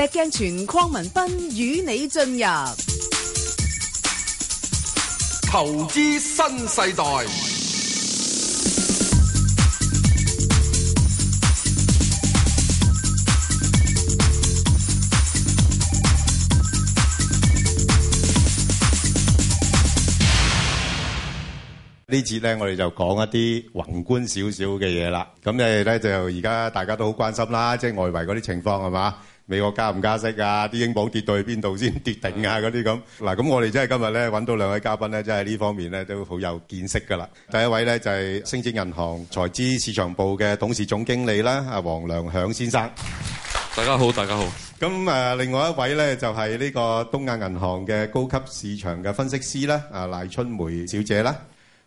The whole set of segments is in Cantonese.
石鏡泉鄺文斌與你進入投資新世代，呢次咧，我哋就講一啲宏觀少少嘅嘢啦。咁誒咧就而家大家都好關心啦，即係外圍嗰啲情況係嘛？美國加唔加息啊？啲英鎊跌到去邊度先跌定啊？嗰啲咁嗱，咁我哋真係今日咧揾到兩位嘉賓咧，真係呢方面咧都好有見識㗎啦。第一位咧就係星展銀行財資市場部嘅董事總經理啦，阿王良享先生。大家好，大家好。咁誒，另外一位咧就係呢個東亞銀行嘅高級市場嘅分析師啦，阿賴春梅小姐啦。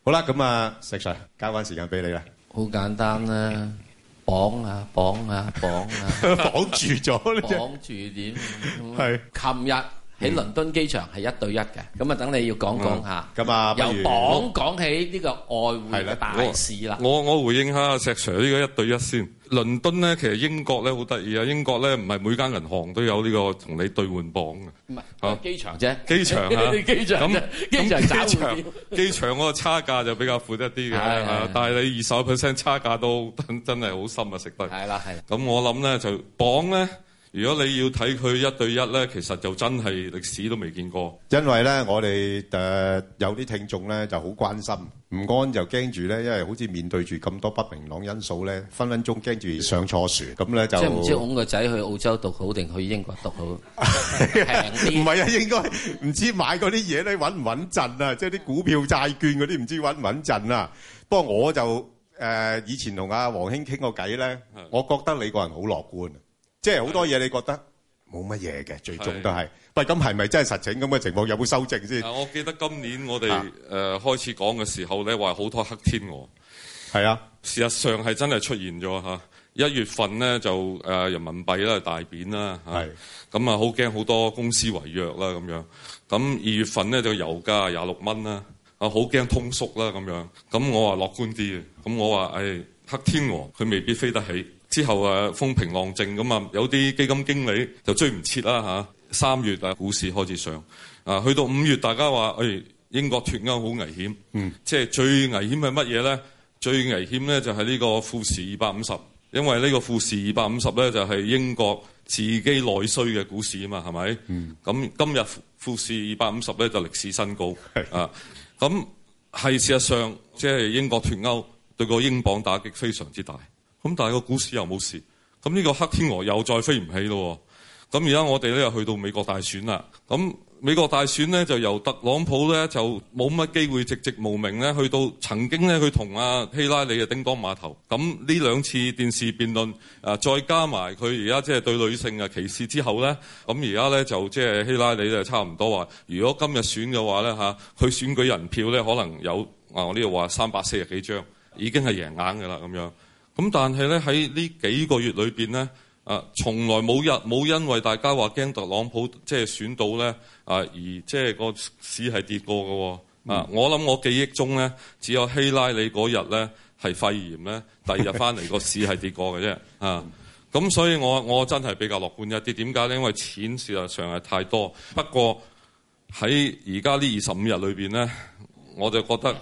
好啦，咁啊，石 Sir，交翻時間俾你啦。好簡單啦。綁啊綁啊綁啊綁 住咗了，綁 住點了？係， 琴日喺倫敦機場係一對一嘅，咁啊等你要講講下，咁、嗯、啊由綁講起呢個外匯嘅大事啦。我我，我回應下阿石 Sir 呢個一對一先。倫敦咧，其實英國咧好得意啊！英國咧唔係每間銀行都有呢個同你兌換鎊，嘅，唔係，喺機場啫，機場嚇，咁咁機場、啊、 機場嗰個差價就比較闊得啲嘅，但係你二十個 percent 差價都真真係好深啊，食得係啦，係。咁我諗咧就鎊咧。如果你要睇佢一對一咧，其實就真係歷史都未見過。因為咧，我哋誒有啲聽眾咧就好關心，唔安就驚住咧，因為好似面對住咁多不明朗因素咧，分分鐘驚住上錯船咁咧就。即係唔知我個仔去澳洲讀好定去英國讀好？唔係啊，應該唔知買嗰啲嘢咧穩唔穩陣啊！即係啲股票、債券嗰啲唔知穩唔穩陣啊！不過我就誒以前同阿王兄傾過偈咧，我覺得你個人好樂觀。即係好多嘢，你覺得冇乜嘢嘅，最終都係。喂，咁係咪真係實情咁嘅情況？有冇修正先？我記得今年我哋誒、啊呃、開始講嘅時候咧，話好多黑天鵝。係啊，事實上係真係出現咗一、啊、月份咧就誒、呃、人民幣咧大貶啦。係。咁啊，好驚好多公司違約啦咁樣。咁二月份咧就油價廿六蚊啦。啊，好驚通縮啦咁樣。咁我話樂觀啲嘅。咁我話誒、哎、黑天鵝佢未必飛得起。之後啊，風平浪靜咁啊，有啲基金經理就追唔切啦嚇。三月啊，股市開始上啊，去到五月，大家話：，誒、哎、英國脱歐好危險。嗯。即係最危險係乜嘢咧？最危險咧就係呢個富時二百五十，因為呢個富時二百五十咧就係英國自己內需嘅股市啊嘛，係咪？嗯。咁今日富時二百五十咧就歷史新高。係。啊，咁係事實上，即、就、係、是、英國脱歐對個英鎊打擊非常之大。咁但係個股市又冇事，咁呢個黑天鵝又再飛唔起咯。咁而家我哋咧又去到美國大選啦。咁美國大選咧就由特朗普咧就冇乜機會籍籍無名咧，去到曾經咧去同阿希拉里嘅叮噹馬頭。咁呢兩次電視辯論啊，再加埋佢而家即係對女性嘅歧視之後咧，咁而家咧就即、就、係、係、希拉里咧差唔多話，如果今日選嘅話咧吓，佢、啊、選舉人票咧可能有啊，我呢度話三百四十幾張，已經係贏硬㗎啦咁樣。咁但係咧喺呢幾個月裏面，咧，啊，從來冇日冇因為大家話驚特朗普即係選到咧，啊，而即係個市係跌過嘅喎。啊、嗯，我諗我記憶中咧，只有希拉里嗰日咧係肺炎咧，第二日翻嚟個市係跌過嘅啫。啊，咁所以我我真係比較樂觀一啲。點解咧？因為錢事實上係太多。不過喺而家呢二十五日裏面咧，我就覺得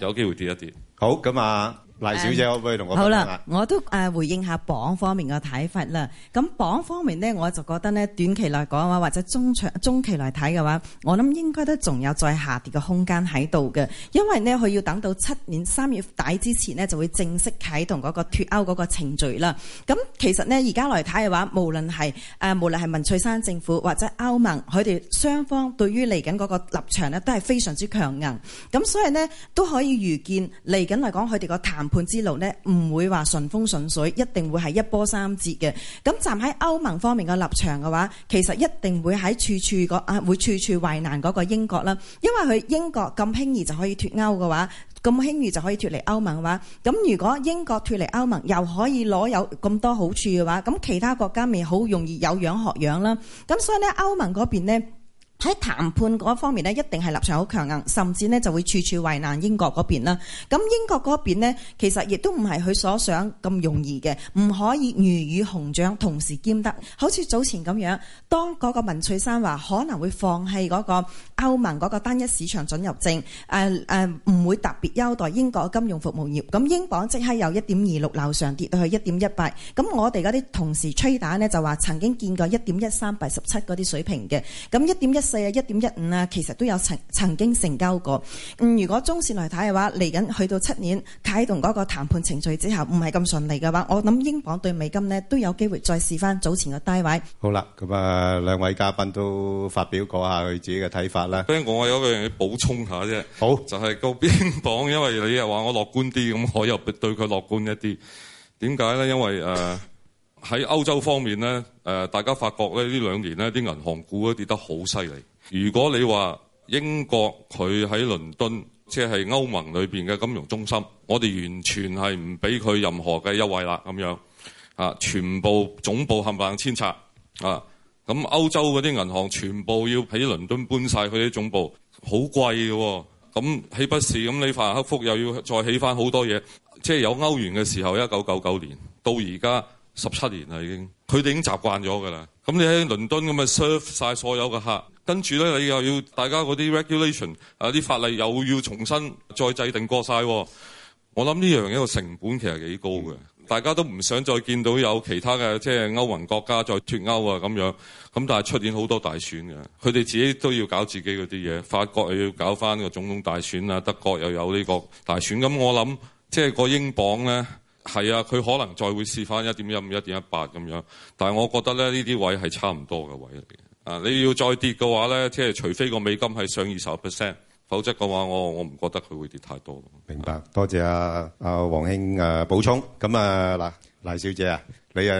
有機會跌一跌。好，咁啊。賴小姐，可唔可以同我分享下，我、嗯、好啦，我都誒回應一下綁方面嘅睇法啦。咁綁方面呢，我就覺得呢，短期嚟講話或者中長中期嚟睇嘅話，我諗應該都仲有再下跌嘅空間喺度嘅，因為呢，佢要等到七年三月底之前呢，就會正式啟動嗰個脫歐嗰個程序啦。咁其實呢，而家來睇嘅話，無論係誒，無論係文翠珊政府或者歐盟，佢哋雙方對於嚟緊嗰個立場呢，都係非常之強硬。咁所以呢，都可以預見嚟緊嚟講，佢哋個談判。判之路呢，唔會話順風順水，一定會係一波三折嘅。咁站喺歐盟方面嘅立場嘅話，其實一定會喺處處嗰啊，會處處為難嗰個英國啦。因為佢英國咁輕易就可以脫歐嘅話，咁輕易就可以脫離歐盟嘅話，咁如果英國脫離歐盟又可以攞有咁多好處嘅話，咁其他國家咪好容易有樣學樣啦。咁所以呢，歐盟嗰邊呢。喺談判嗰方面呢，一定係立場好強硬，甚至呢就會處處為難英國嗰邊啦。咁英國嗰邊咧，其實亦都唔係佢所想咁容易嘅，唔可以魚與熊掌同時兼得。好似早前咁樣，當嗰個文翠珊話可能會放棄嗰個歐盟嗰個單一市場准入證，誒誒唔會特別優待英國金融服務業，咁英鎊即刻由一點二六樓上跌到去一點一八。咁我哋嗰啲同事吹打呢，就話曾經見過一點一三八十七嗰啲水平嘅，咁一點一。四啊，一點一五啊，其實都有曾曾經成交過。咁如果中線嚟睇嘅話，嚟緊去到七年啟動嗰個談判程序之後，唔係咁順利嘅話，我諗英鎊對美金呢都有機會再試翻早前嘅低位。好啦，咁啊兩位嘉賓都發表過一下佢自己嘅睇法咧，我有樣嘢補充下啫，好就係高英鎊，因為你又話我樂觀啲，咁我又對佢樂觀一啲。點解咧？因為啊。 喺歐洲方面咧，誒大家發覺咧呢兩年呢啲銀行股都跌得好犀利。如果你話英國佢喺倫敦，即係歐盟裏邊嘅金融中心，我哋完全係唔俾佢任何嘅優惠啦咁樣啊，全部總部冚唪唥遷冊啊。咁歐洲嗰啲銀行全部要喺倫敦搬晒佢啲總部，好貴嘅。咁豈不是咁？你法蘭克福又要再起翻好多嘢？即係有歐元嘅時候，一九九九年到而家。十七年啦，已經佢哋已經習慣咗㗎啦。咁你喺倫敦咁啊，serve 晒所有嘅客，跟住咧你又要大家嗰啲 regulation 啊啲法例又要重新再制定過晒喎。我諗呢樣嘢個成本其實幾高嘅，大家都唔想再見到有其他嘅即係歐盟國家再脫歐啊咁樣。咁但係出年好多大選嘅，佢哋自己都要搞自己嗰啲嘢。法國又要搞翻個總統大選啊，德國又有呢個大選。咁我諗即係個英鎊咧。係啊，佢可能再會試翻一點一五、一點一八咁樣，但係我覺得咧呢啲位係差唔多嘅位啊，你要再跌嘅話咧，即係除非個美金係上二十 percent，否則嘅話，我我唔覺得佢會跌太多。明白，多謝啊啊王兄誒補充。咁啊嗱，賴小姐啊，你外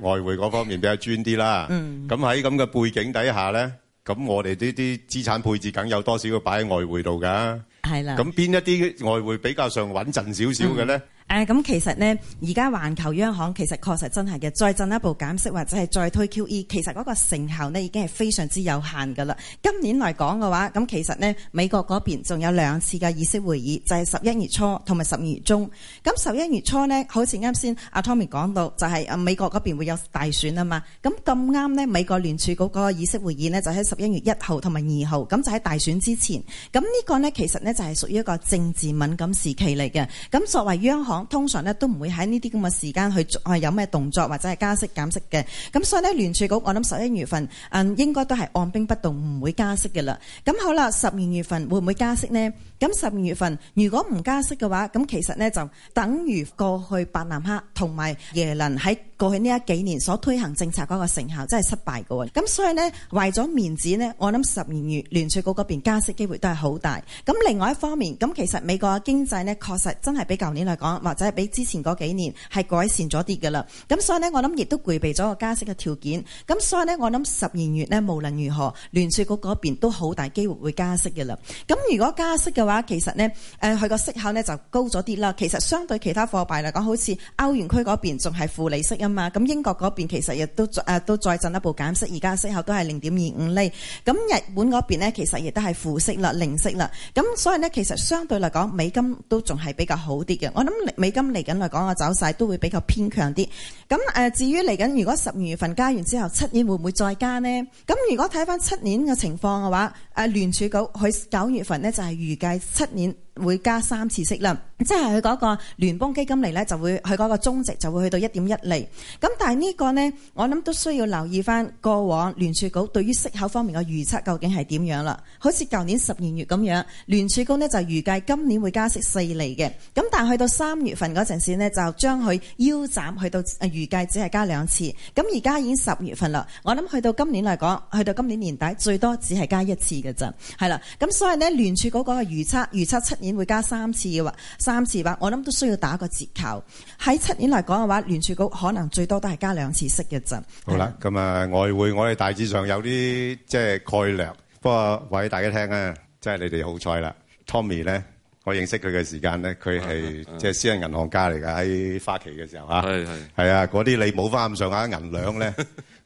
外匯嗰方面比較專啲啦。嗯。咁喺咁嘅背景底下咧，咁我哋呢啲資產配置梗有多少要擺喺外匯度㗎？係啦。咁邊一啲外匯比較上穩陣少少嘅咧？嗯誒、啊、咁其實呢，而家環球央行其實確實真係嘅，再進一步減息或者係再推 QE，其實嗰個成效呢已經係非常之有限㗎啦。今年嚟講嘅話，咁其實呢，美國嗰邊仲有兩次嘅議息會議，就係十一月初同埋十二月中。咁十一月初呢，好似啱先阿 Tommy 講到，就係、是、美國嗰邊會有大選啊嘛。咁咁啱呢，美國聯儲嗰個議息會議呢，就喺十一月一號同埋二號，咁就喺大選之前。咁呢個呢，其實呢，就係、是、屬於一個政治敏感時期嚟嘅。咁作為央行，通常咧都唔會喺呢啲咁嘅時間去有咩動作或者係加息減息嘅，咁所以呢，聯儲局我諗十一月份嗯，應該都係按兵不動，唔會加息嘅啦。咁好啦，十二月份會唔會加息呢？咁十二月份如果唔加息嘅話，咁其實呢就等於過去伯南克同埋耶倫喺過去呢一幾年所推行政策嗰個成效真係失敗嘅。咁所以呢，為咗面子呢，我諗十二月聯儲局嗰邊加息機會都係好大。咁另外一方面，咁其實美國嘅經濟呢確實真係比舊年嚟講。或者係比之前嗰幾年係改善咗啲㗎啦，咁所以呢，我諗亦都具備咗個加息嘅條件，咁所以呢，我諗十二月呢，無論如何，聯儲局嗰邊都好大機會會加息嘅啦。咁如果加息嘅話，其實呢，誒佢個息口呢就高咗啲啦。其實相對其他貨幣嚟講，好似歐元區嗰邊仲係負利息啊嘛。咁英國嗰邊其實亦都誒、呃、都再進一步減息，而家息口都係零點二五厘。咁日本嗰邊呢其實亦都係負息啦、零息啦。咁所以呢，其實相對嚟講，美金都仲係比較好啲嘅。我諗美金嚟緊嚟講，個，走勢都會比較偏強啲。咁至於嚟緊，如果十二月份加完之後，七年會唔會再加呢？咁如果睇返七年嘅情況嘅話，誒聯儲局喺九月份呢就係預計七年。會加三次息啦，即係佢嗰個聯邦基金嚟，呢，就會佢嗰個中值，就會去到一點一厘。咁但係呢個呢，我諗都需要留意翻過往聯儲局對於息口方面嘅預測究竟係點樣啦。好似舊年十二月咁樣，聯儲局呢就預計今年會加息四厘嘅。咁但係去到三月份嗰陣時呢，就將佢腰斬去到，預計只係加兩次。咁而家已經十月份啦，我諗去到今年嚟講，去到今年年底最多只係加一次嘅咋，係啦。咁所以呢，聯儲局嗰個預測，預測七年。會加三次嘅話，三次話，我諗都需要打個折扣。喺七年嚟講嘅話，聯儲局可能最多都係加兩次息一陣。好啦，咁啊，外匯我哋大致上有啲即係概略，不過話俾大家聽啊，即係你哋好彩啦。Tommy 咧，我認識佢嘅時間咧，佢係即係私人銀行家嚟噶，喺花旗嘅時候吓。係係係啊，嗰啲你冇翻咁上下銀兩咧，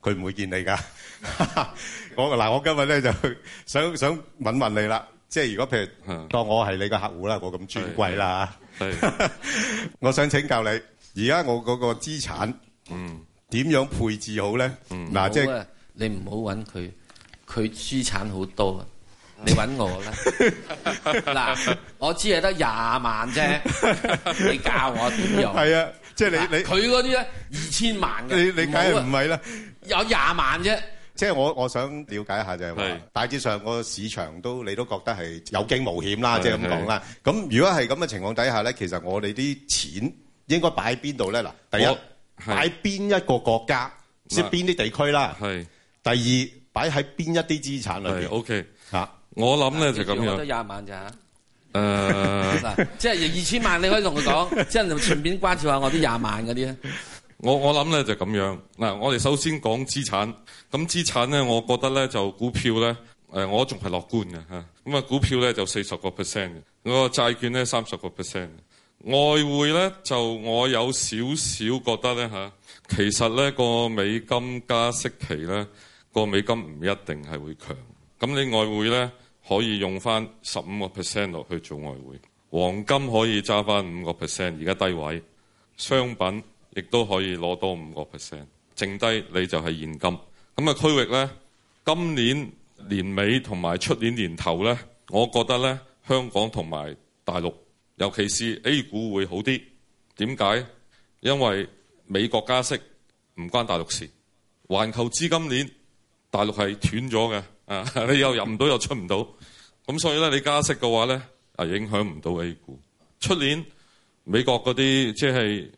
佢唔會見你噶。我嗱，我今日咧就想想問問你啦。即係如果譬如當我係你個客戶啦，我咁尊貴啦嚇，係啊係啊 我想請教你，而家我嗰個資產點樣配置好咧？嗱、嗯嗯啊，即係、即係、你唔好揾佢，佢資產好多，嗯、你揾我啦。嗱， 我知只係得廿萬啫，你教我點用？係、即係、啊，即係你你佢嗰啲咧二千萬嘅，你你梗係唔係啦？有廿萬啫。即係我我想了解一下就係、係、大致上個市場都你都覺得係有驚無險啦，即係咁講啦。咁如果係咁嘅情況底下咧，其實我哋啲錢應該擺喺邊度咧？嗱，第一擺邊一個國家，即係邊啲地區啦。係。第二擺喺邊一啲資產裏邊。O K。嚇、okay，我諗咧、呃、 就咁樣。我得廿萬咋？誒，即係二千萬，你可以同佢講，即係順便關注下我啲廿萬嗰啲咧。我我諗咧就咁樣嗱。我哋首先講資產咁資產咧，我覺得咧就股票咧誒、呃，我仲係樂觀嘅吓。咁啊，股票咧就四十個 percent 嘅，個債券咧三十個 percent。外匯咧就我有少少覺得咧吓、啊，其實咧個美金加息期咧個美金唔一定係會強咁。你外匯咧可以用翻十五個 percent 落去做外匯，黃金可以揸翻五個 percent，而家低位商品。亦都可以攞多五個 percent，剩低你就係現金咁啊。區域咧，今年年尾同埋出年年頭咧，我覺得咧，香港同埋大陸，尤其是 A 股會好啲。點解？因為美國加息唔關大陸事，環球資金鏈大陸係斷咗嘅啊！你又入唔到又出唔到，咁所以咧，你加息嘅話咧啊，影響唔到 A 股。出年美國嗰啲，即係。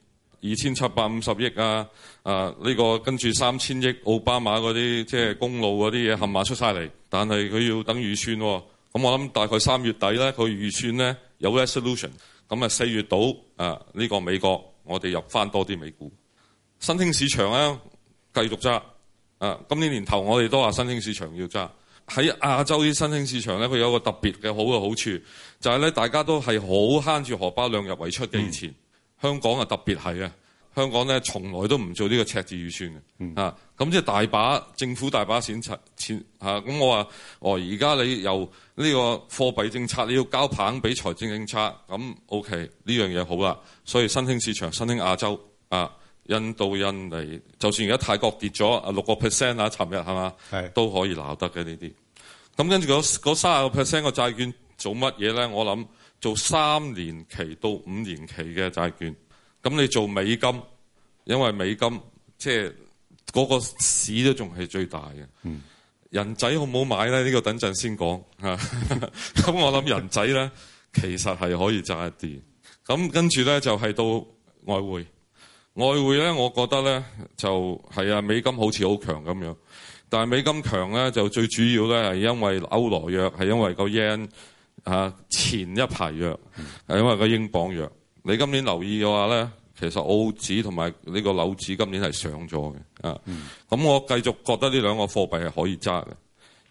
二千七百五十億啊！啊，呢、這個跟住三千億奧巴馬嗰啲，即、就、係、是、公路嗰啲嘢冚埋出晒嚟。但係佢要等預算喎、哦。咁我諗大概三月底咧，佢預算咧有 resolution。咁啊，四月度啊，呢個美國我哋入翻多啲美股。新興市場咧繼續揸。啊，今年年頭我哋都話新興市場要揸。喺亞洲啲新興市場咧，佢有個特別嘅好嘅好處，就係、是、咧大家都係好慳住荷包，量入為出嘅以前。嗯香港啊，特別係啊！香港咧，從來都唔做呢個赤字預算嘅嚇。咁即係大把政府大把錢出錢嚇。咁、啊、我話：哦，而家你由呢個貨幣政策你要交棒俾財政政策，咁 O K 呢樣嘢好啦。所以新興市場、新興亞洲啊，印度、印尼，就算而家泰國跌咗啊六個 percent 啊，尋日係嘛，都可以鬧得嘅呢啲。咁跟住嗰嗰卅個 percent 個債券做乜嘢咧？我諗。做三年期到五年期嘅債券，咁你做美金，因為美金即係嗰個市都仲係最大嘅、嗯。人仔好唔好買咧？呢、這個等陣先講。咁 我諗人仔咧， 其實係可以賺一啲。咁跟住咧就係、是、到外匯，外匯咧我覺得咧就係啊美金好似好強咁樣，但係美金強咧就最主要咧係因為歐羅約係因為個 yen。嚇前一排弱，係因為個英鎊弱。你今年留意嘅話咧，其實澳紙同埋呢個紐紙今年係上咗嘅。啊，咁我繼續覺得呢兩個貨幣係可以揸嘅。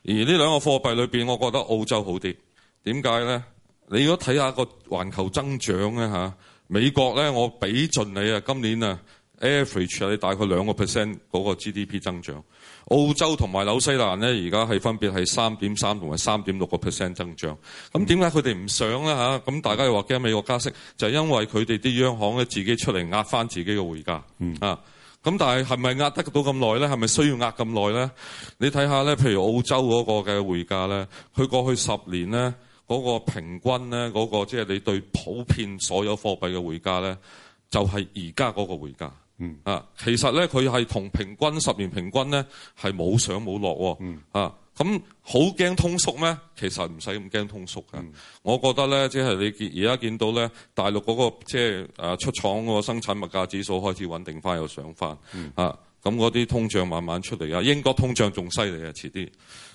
而呢兩個貨幣裏面，我覺得澳洲好啲。點解咧？你如果睇下個環球增長咧嚇，美國咧，我畀盡你啊，今年啊。average 啊，你大概兩個 percent 嗰個 GDP 增長。澳洲同埋紐西蘭咧，而家係分別係三點三同埋三點六個 percent 增長。咁點解佢哋唔想咧嚇？咁大家又話驚美國加息，就係因為佢哋啲央行咧自己出嚟壓翻自己嘅匯價。嗯。啊。咁但係係咪壓得到咁耐咧？係咪需要壓咁耐咧？你睇下咧，譬如澳洲嗰個嘅匯價咧，佢過去十年咧嗰個平均咧嗰個即係你對普遍所有貨幣嘅匯價咧，就係而家嗰個匯價。嗯啊，其實咧佢係同平均十年平均咧係冇上冇落喎。嗯啊，咁好驚通縮咩？其實唔使咁驚通縮嘅。嗯。我覺得咧，即、就、係、是、你而家見到咧，大陸嗰、那個即係、就是啊、出廠嗰個生產物價指數開始穩定翻又上翻。嗯啊，咁嗰啲通脹慢慢出嚟啊。英國通脹仲犀利啊，遲啲。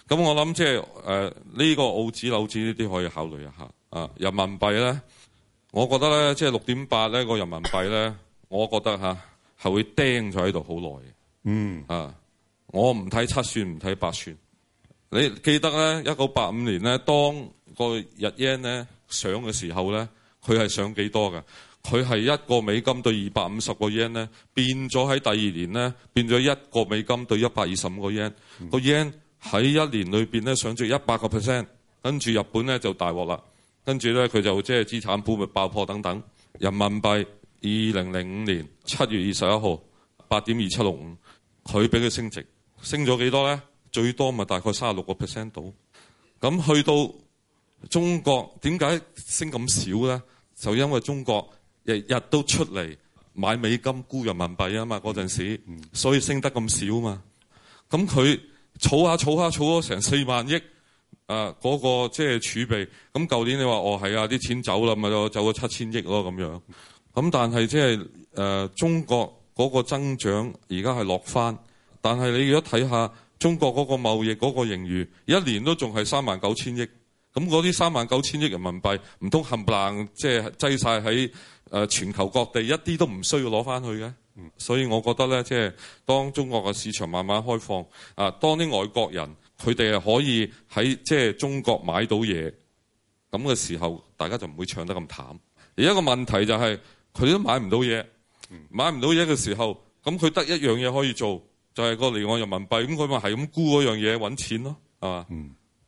咁我諗即係誒呢個澳紙紐紙呢啲可以考慮一下。啊，人民幣咧，我覺得咧即係六點八呢個、就是、人民幣咧，我覺得、啊係會釘咗喺度好耐嘅，嗯啊，我唔睇七算唔睇八算，你記得咧？一九八五年咧，當個日 yen 咧上嘅時候咧，佢係上幾多㗎？佢係一個美金對二百五十個 yen 咧，變咗喺第二年咧，變咗一個美金對一百二十五個 yen，個 yen 喺一年裏面咧上咗一百個 percent，跟住日本咧就大鑊啦，跟住咧佢就即係資產泡沫爆破等等，人民幣。二零零五年七月二十一號八點二七六五，佢俾佢升值，升咗幾多咧？最多咪大概三十六個 percent 到。咁去到中國點解升咁少咧？就因為中國日日都出嚟買美金沽人民幣啊嘛，嗰陣時，所以升得咁少嘛。咁佢儲下儲下儲咗成四萬億、呃嗰個哦、啊，嗰個即係儲備。咁舊年你話哦係啊，啲錢走啦，咪就走咗七千億咯咁樣。咁但係即係中國嗰個增長而家係落翻，但係你如果睇下中國嗰個貿易嗰個盈餘，一年都仲係三萬九千億，咁嗰啲三萬九千億人民幣唔通冚唪唥即係擠曬喺全球各地，一啲都唔需要攞翻去嘅、嗯。所以我覺得呢，即係當中國嘅市場慢慢開放，啊，當啲外國人佢哋係可以喺即係中國買到嘢，咁嘅時候，大家就唔會唱得咁淡。而一個問題就係。佢哋都買唔到嘢，買唔到嘢嘅時候，咁佢得一樣嘢可以做，就係、是、個離岸人民幣。咁佢咪係咁沽嗰樣嘢揾錢咯，係嘛？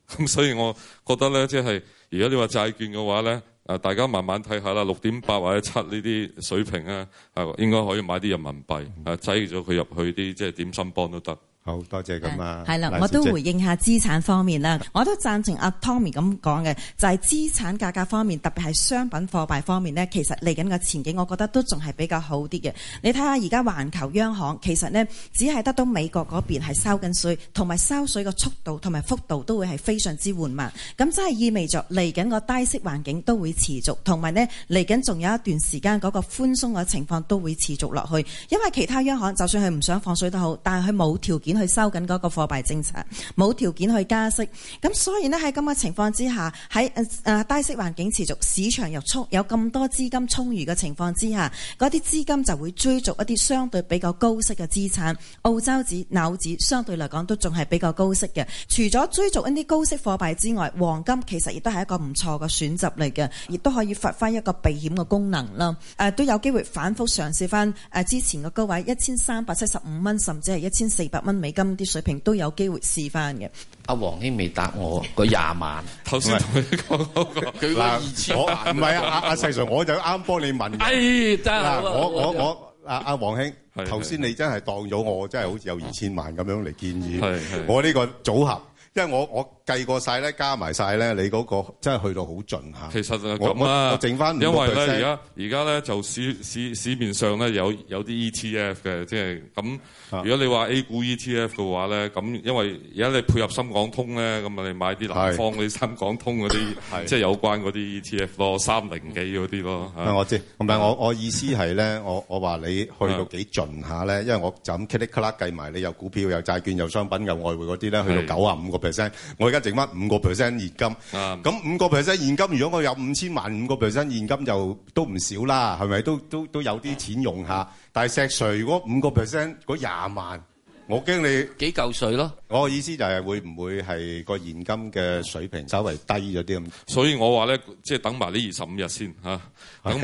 咁、嗯、所以我覺得咧，即係如果你話債券嘅話咧，誒大家慢慢睇下啦，六點八或者七呢啲水平啊，係應該可以買啲人民幣，係擠咗佢入去啲即係點心幫都得。好多謝咁啊！係、嗯、啦、嗯嗯嗯嗯嗯嗯嗯，我都回應下資產方面啦、嗯。我都贊成阿 Tommy 咁講嘅，就係、是、資產價格方面，特別係商品貨幣方面呢。其實嚟緊嘅前景，我覺得都仲係比較好啲嘅。你睇下而家環球央行其實呢只係得到美國嗰邊係收緊水，同埋收水嘅速度同埋幅度都會係非常之緩慢。咁真係意味着嚟緊個低息環境都會持續，同埋呢嚟緊仲有一段時間嗰、那個寬鬆嘅情況都會持續落去。因為其他央行就算佢唔想放水都好，但係佢冇條件。去收緊嗰個貨幣政策，冇條件去加息。咁所以咧，喺咁嘅情況之下，喺誒誒低息環境持續，市場又充有咁多資金充裕嘅情況之下，嗰啲資金就會追逐一啲相對比較高息嘅資產，澳洲紙紐紙相對嚟講都仲係比較高息嘅。除咗追逐一啲高息貨幣之外，黃金其實亦都係一個唔錯嘅選擇嚟嘅，亦都可以發揮一個避險嘅功能啦。誒、呃、都有機會反覆嘗試翻誒之前嘅高位一千三百七十五蚊，甚至係一千四百蚊。美金啲水平都有機會試翻嘅。阿王兄未答我個廿萬。頭先同你講嗰，佢個二千唔係啊，阿阿世 Sir 我就啱幫你問。係真係。嗱，我我 我阿阿、啊、王兄，頭 先你真係當咗我，真係好似有二千萬咁樣嚟建議。 我呢個組合。因為我我計過晒咧，加埋晒咧，你嗰個真係去到好盡下。其實係咁啊，我整翻五個。因為咧而家而家咧就市市市面上咧有有啲 ETF 嘅，即係咁。如果你話 A 股 ETF 嘅話咧，咁因為而家你配合深港通咧，咁你買啲南方嗰啲深港通嗰啲，即係、就是、有關嗰啲 ETF 咯，三零幾嗰啲咯。我知，但係我我意思係咧，我我話你去到幾盡下咧，因為我就咁 click click count 計埋你有股票、有債券、有商品、有外匯嗰啲咧，去到九啊五個比我而家剩翻五個 percent 現金，咁五個 percent 現金，如果我有五千萬，五個 percent 現金就都唔少啦，係咪？都都都有啲錢用下。但係石稅如果五個 percent 嗰廿萬，我驚你幾嚿水咯。我嘅意思就係會唔會係個現金嘅水平稍微低咗啲咁？所以我話咧，即係等埋呢二十五日先嚇，等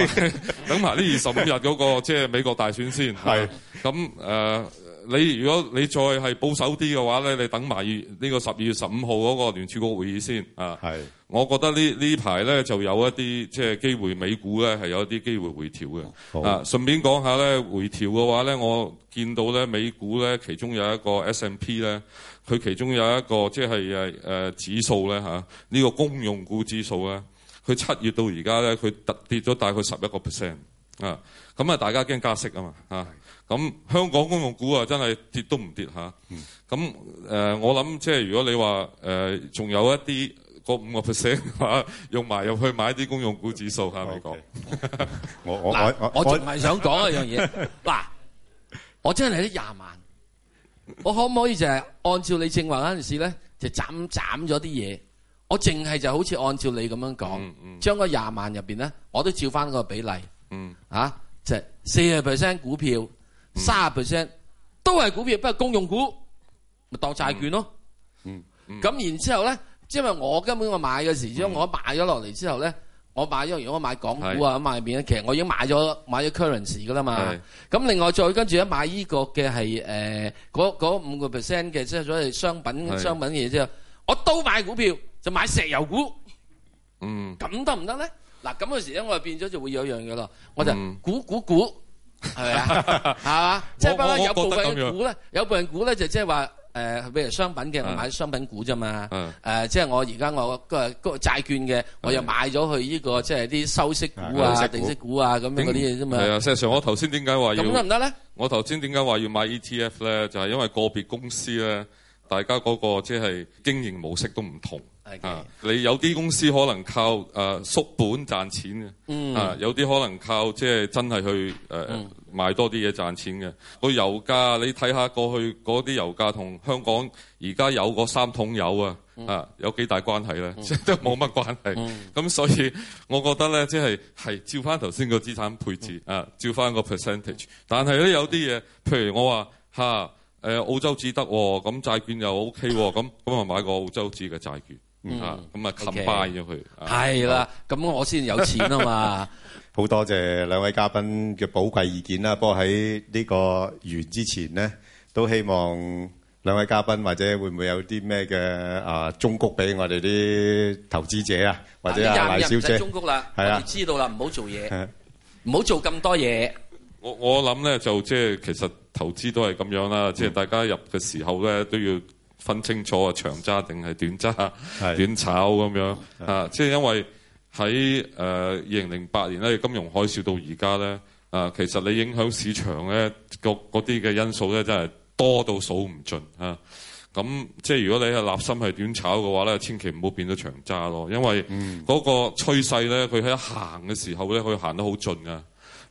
等埋呢二十五日嗰個即係美國大選先。係咁誒。你如果你再係保守啲嘅話咧，你等埋呢個十二月十五號嗰個聯儲局會議先啊。係，我覺得呢呢排咧就有一啲即係機會，美股咧係有一啲機會回調嘅。啊，順便講下咧，回調嘅話咧，我見到咧美股咧其中有一個 S&P 咧，佢其中有一個即係誒指數咧嚇，呢、啊呢個公用股指數咧，佢七月到而家咧佢突跌咗大概十一個 percent 啊。咁啊，大家驚加息啊嘛啊。咁香港公用股啊，真係跌都唔跌嚇。咁、呃、誒，我諗即係如果你話誒，仲、呃、有一啲嗰五個 percent 嚇，用埋入去買啲公用股指數嚇你講。我我我我我仲係想講一樣嘢嗱，我真係啲廿萬，我可唔可以就係按照你正話嗰陣時咧，就斬斬咗啲嘢？我淨係就好似按照你咁樣講、嗯嗯，將嗰廿萬入邊咧，我都照翻嗰個比例。嗯。啊，就四十 percent 股票。卅啊 percent 都係股票，不過公用股咪當債券咯。咁、嗯嗯、然之後咧，因為我根本買、嗯、我買嘅時，如果我買咗落嚟之後咧，我買咗如果我買港股啊，買邊啊，其實我已經買咗買咗 currency 噶啦嘛。咁另外再跟住咧買呢個嘅係誒嗰五個 percent 嘅即係所謂商品商品嘅嘢之後，我都買股票就買石油股。嗯，咁得唔得咧？嗱，咁嘅時咧，我就變咗就會有樣嘢咯，我就估估、嗯、估。估估.係 啊是吧，係嘛，即係包括有部分股咧，有部分股咧就即係話，誒、呃，譬如商品嘅我買商品股咋嘛，誒，即係我而家我個個債券嘅我又買咗去呢、這個即係啲收息股啊、定息、息股啊咁樣嗰啲嘢咋嘛。係啊，事實上我頭先點解話咁得唔得咧？我頭先點解話要買 E T F 咧？就係、是、因為個別公司咧，大家嗰個即係經營模式都唔同。Okay. 啊！你有啲公司可能靠誒、啊、縮本賺錢嘅，mm. 啊有啲可能靠即係、就是、真係去誒賣、啊 mm. 多啲嘢賺錢嘅。個油價你睇下過去嗰啲油價同香港而家有嗰三桶油啊，mm. 啊有幾大關係咧？即、mm. 係 都冇乜關係。咁、mm. 所以我覺得咧，即係係照翻頭先個資產配置啊，mm. 照翻個 percentage、mm. 但。但係咧有啲嘢，譬如我話吓誒澳洲至得喎、哦，咁債券又 O K 喎，咁咁啊買個澳洲資嘅債券。嗯啊，咁啊，冚巴咗佢，係啦，咁我先有錢啊嘛。好多謝兩位嘉賓嘅寶貴意見啦。不過喺呢個完之前咧，都希望兩位嘉賓或者會唔會有啲咩嘅啊忠告俾我哋啲投資者啊，或者賴小姐。入入就忠告啦，係啦，知道啦，唔好做嘢，唔好做咁多嘢。我我諗咧就即係其實投資都係咁樣啦，即係大家入嘅時候咧都要，分清楚啊，長揸定係短揸、短炒咁樣啊，即係因為喺誒二零零八年咧，金融海嘯到而家咧，啊，其實你影響市場咧，嗰啲嘅因素咧，真係多到數唔盡啊。咁即係如果你係立心係短炒嘅話咧，千祈唔好變咗長揸咯，因為嗰、嗯嗰個趨勢咧，佢喺行嘅時候咧，佢行得好盡噶。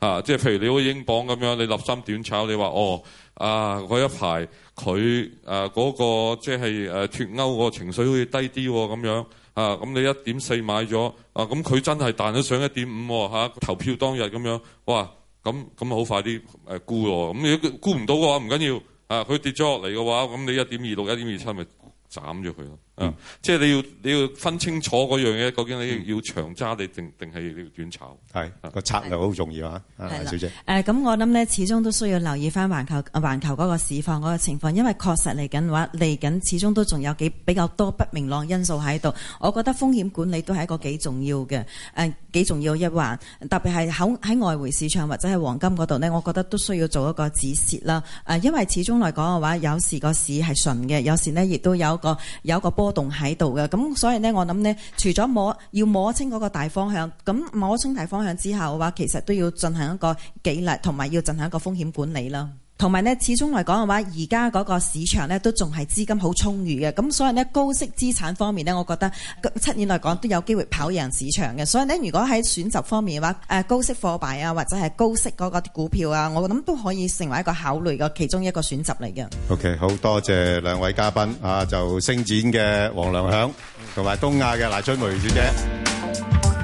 啊，即係譬如你個英鎊咁樣，你立心短炒，你話哦，啊嗰一排佢誒嗰個即係誒脱歐嗰個情緒好似低啲咁樣，啊咁你一點四買咗，啊咁佢真係彈咗上一點五嚇投票當日咁樣，啊，哇，咁咁好快啲誒沽喎，咁你沽唔到嘅話唔緊要，啊佢跌咗落嚟嘅話，咁你一點二六、一點二七咪斬咗佢咯。嗯，即係你要你要分清楚嗰樣嘢，究竟你要長揸定定係要短炒？係個策略好重要啊！小姐，誒，咁我諗咧，始終都需要留意翻環球環球嗰個市況嗰個情況，因為確實嚟緊嘅話，嚟緊始終都仲有幾比較多不明朗因素喺度。我覺得風險管理都係一個幾重要嘅誒，幾重要一環，特別係喺喺外匯市場或者係黃金嗰度呢，我覺得都需要做一個止蝕啦。誒，因為始終嚟講嘅話，有時有個市係順嘅，有時呢亦都有個有個波。波動喺度嘅，咁所以咧，我諗咧，除咗摸要摸清嗰個大方向，咁摸清大方向之後嘅話，其實都要進行一個紀律，同埋要進行一個風險管理啦。同埋咧，始終嚟講嘅話，而家嗰個市場咧都仲係資金好充裕嘅，咁所以呢，高息資產方面咧，我覺得七年嚟講都有機會跑贏市場嘅。所以呢，如果喺選擇方面嘅話，高息貨幣啊，或者係高息嗰個股票啊，我諗都可以成為一個考慮嘅其中一個選擇嚟嘅。OK，好多謝兩位嘉賓啊，就星展嘅王良享同埋東亞嘅賴春梅小姐。